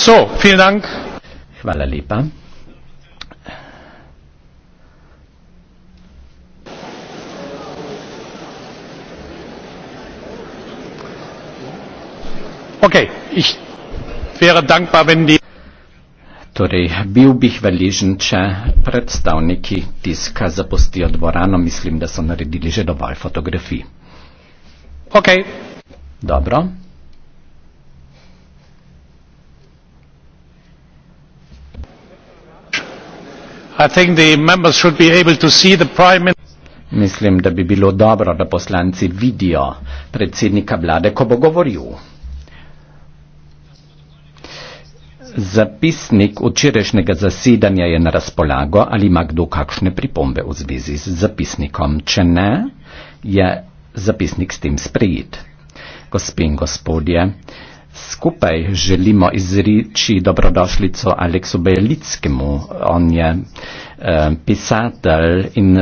So, vielen Dank. Hvala lepa. Okay, ich wäre dankbar, wenn die Torej, bil bih veležen, če predstavniki tiska zapustijo dvorano. Mislim, da so naredili že dovolj fotografij. Ok. Dobro. Mislim, da bi bilo dobro, da poslanci vidijo predsednika vlade, ko bo govoril. Zapisnik včerajšnjega zasedanja je na razpolago, ali ima kdo kakšne pripombe v zvezi z zapisnikom. Če ne, je zapisnik s tem sprejet. Gospe in gospodje, skupaj želimo izreči dobrodošlico Aleksu Belickemu. On je eh, pisatelj in